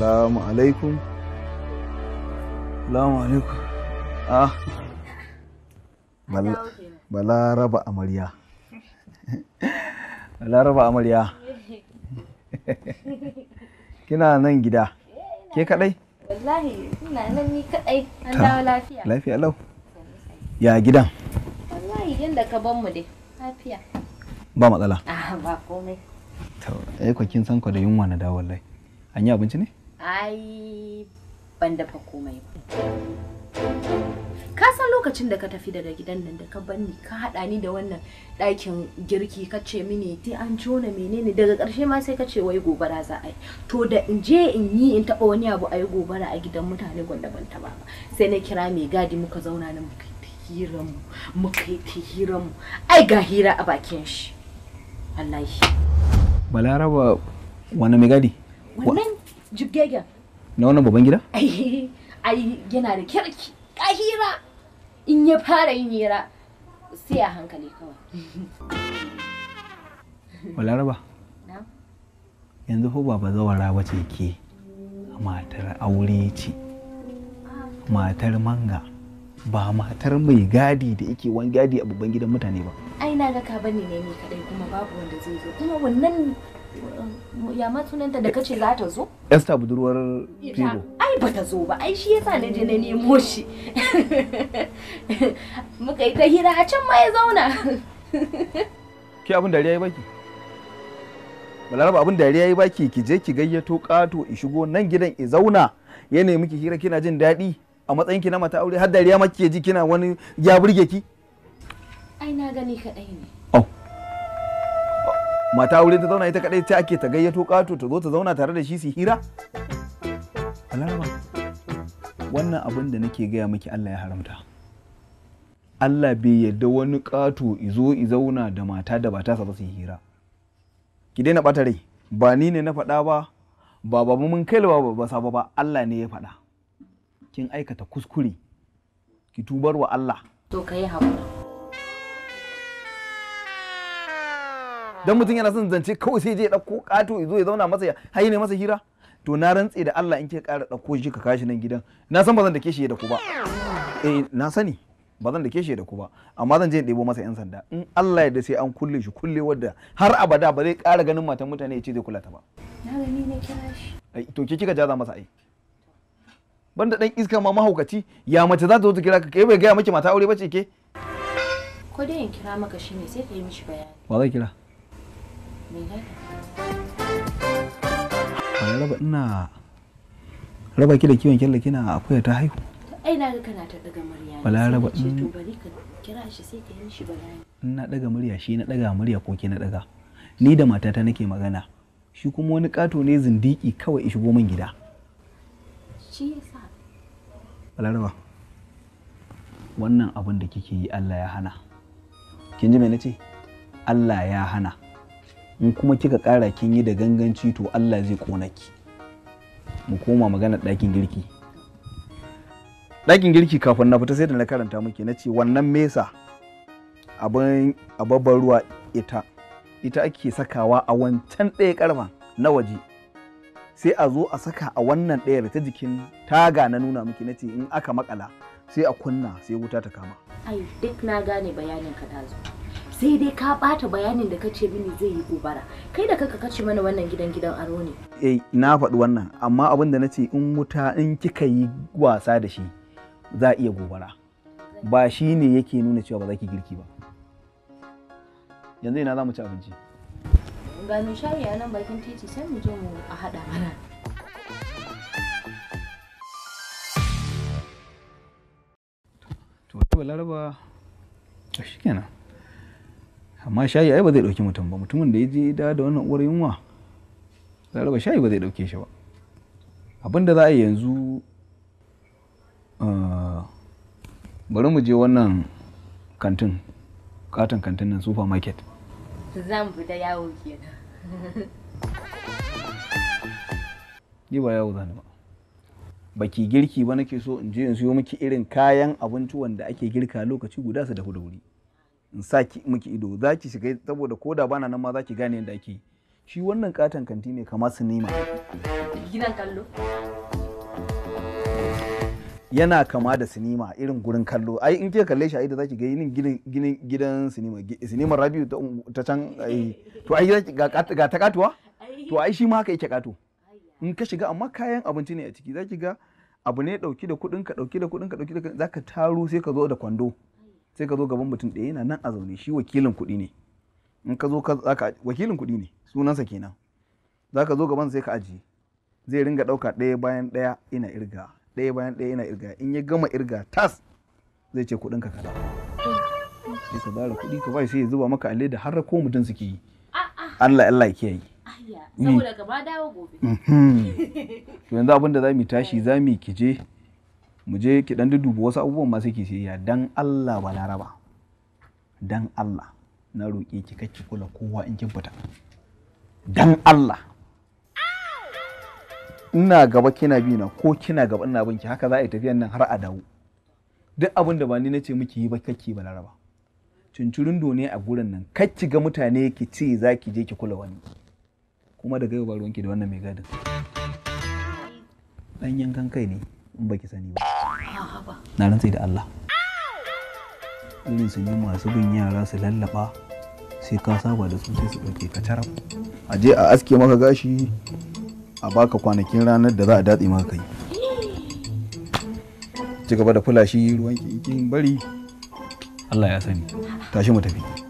Salamu alaikum. Salamu alaikum. Ah. Bala raba amarya. Bala raba amarya. Kina nan gida. Eh, Ke kadai? Wallahi, ina nan ni kadai. An dawo lafiya. Lafiya lau. Ya gidan? Wallahi, yanda ka ban mu dai. Lafiya. Ba matsala. Ah, ba komai. To, ai kwakin san ku da yunwa na dawo wallahi. An yi abinci ne? ai ban dafa komai ba ka san lokacin da ka tafi daga gidan nan da ka banni ka hada ni da wannan ɗakin girki ka ce mini ti an jona menene daga karshe ma sai ka ce wai gobara za a yi to da in je in yi in taɓa wani abu a yi gobara a gidan mutane gwanda ban taɓa ba sai na kira mai gadi muka zauna nan muka yi hiranmu muka yi hiranmu ai ga hira a bakin shi wallahi balaraba wani mai gadi wannan jibgegen na wannan baban gida ai yana da kirki hira in ya fara yin hira sai a hankali kawai balaraba yanzu ko ba zawara ba ce ke matar aure ce ah. matar manga ba matar mai gadi da yake wan gadi a babban gidan mutane ba ai na ga ka bane ne ni kadai kuma babu wanda zai zo kuma wannan um, ya ma sunanta da kace za ta zo Esther budurwar Fibo ai ba ta zo ba ai shi yasa na je na nemo shi muka yi ta hira a can ma ya zauna ke abin dariya ya baki balaraba abin dariya ya baki ki je ki gayyato kato i shigo nan gidan i zauna ya nemi ki hira kina jin daɗi a matsayin ki na mata aure har dariya make ji kina wani ya burge ki ai na gani kadai ne oh mata aure ta zauna ita kadai ta ake ta gayyato kato ta zo ta zauna tare da shi su hira wannan abin da nake gaya miki Allah ya haramta Allah bai yarda wani kato izo i zauna da mata da ba ta sa su hira ki daina bata rai ba ni ne na faɗa ba ba ba mun kai ba ba ba Allah ne ya faɗa kin aikata kuskure ki tubar wa Allah to ka yi dan mutum yana son zance kawai sai je ya ɗauko ƙato ya zo ya zauna masa ya hayi ne masa hira to na rantse da Allah in ke ƙara ɗauko shi ka kashi nan gidan na san ba zan da ke shi da ku ba eh na sani ba zan da ke shi da ku ba amma zan je in ɗebo masa yan sanda in Allah ya da sai an kulle shi kulle wadda har abada ba zai ƙara ganin matan mutane ya ce zai kula ta ba na gani ne kira shi to ke kika jaza masa ai banda dan iska ma mahaukaci ya mace za ta zo ta kira ka kai bai gaya miki mata aure ba ce ke ko dai in kira maka shi ne sai ka yi mishi bayani wa zai kira me ne raba ina raba ki da kiwon kyalla kina akwai ta haihu ai na ga kana ta daga murya bala raba in to mm. bari ka kira shi sai ka yi mishi bayani ina na daga murya shi na daga murya ko ke na daga ni da matata nake magana shi kuma wani kato ne zindiki kawai ishigo min gida shi alaraba wannan abin da kike yi Allah ya hana kin ji me nace Allah ya hana in kuma kika kara kin yi da ganganci to Allah zai kona ki mu koma magana ɗakin girki ɗakin girki kafin na fita sai da na karanta muke na ce wannan mesa abin ababbar ruwa ita ita ake sakawa a wancan ɗaya karfa na waje sai a zo a saka a wannan ɗayar ta jikin taga na nuna miki na ce in aka makala sai a kunna sai wuta ta kama. Ai duk na gane bayanin ka ɗazu. Sai dai ka bata bayanin da kace mini zai yi gobara. Kai da kaka kace mana wannan gidan gidan aro ne. Eh na faɗi wannan amma abin da na in wuta in kika yi wasa da shi za a iya gobara. Ba shi ne yake nuna cewa ba za ki girki ba. Yanzu ina za mu ci abinci. ga mai shayi a nan bakin titi sai mu je mu a haɗa mana to to laraba to shikenan amma shayi ai ba zai ɗauki mutum ba mutumin da ya je da da wannan uwar yunwa laraba shayi ba zai ɗauke shi ba abin da za a yi yanzu ah, bari mu je wannan kantin katon kantin nan supermarket Zan mu yawo kenan ni ba yawo zani ba ki girki ba nake so in je in siyo miki irin kayan abinci wanda ake girka lokaci guda su dahu da wuri in sa miki ido za ki shiga saboda koda bana nan ma za ki gane yadda ake shi wannan katon kanti ne kamar sinima Ginan kallo yana kama da sinima irin gurin kallo ai in ke kalle shi a ido zaki ki ga yin gidan sinima sinimar rabiu ta can to ai ga ta katuwa to ai shi ma haka yake kato in ka shiga amma kayan abinci ne a ciki zaki ga abu ne dauki da kudin ka dauki da kudin ka dauki da zaka taro sai ka zo da kwando sai ka zo gaban mutum ɗaya yana nan a zaune shi wakilin kuɗi ne in ka zo ka zaka wakilin kudi ne sunansa kenan zaka zo gaban sai ka ajiye zai ringa dauka ɗaya bayan ɗaya ina irga ɗaya bayan ɗaya ina irga in ya gama irga tas zai ce kuɗin ka kaza sai ka zara kuɗi ka bai sai ya zuba maka alle da har ko mutum suke yi Allah Allah yi. Mm. saboda gaba dawo gobe mhm. to yanzu abin da mu tashi eh. ki je mu je ki dan duduba wasu abubuwan ma sai ce ya dan Allah balaraba dan Allah na roƙe ki kacce kula kowa in kin fita dan Allah ina gaba kina bi na ko kina gaba ina binki haka za a yi tafiyan nan har a dawo duk abin da ba ni nace miki yi ba kake balaraba cincirin ne a gurin nan kar ki ga mutane ki ce za ki je ki kula wani kuma daga yau ba ruwanki da wannan mai gadin dan yankan kai ne in baki sani ba na sai da Allah irin su ne masu bin yara su lallaba sai ka saba da su sai su ɗauke ka tarab a je a aske maka gashi a baka kwanakin ranar da za a datse maka kai ci gaba da fulashi ruwan kin bari Allah ya sani tashi mu tafi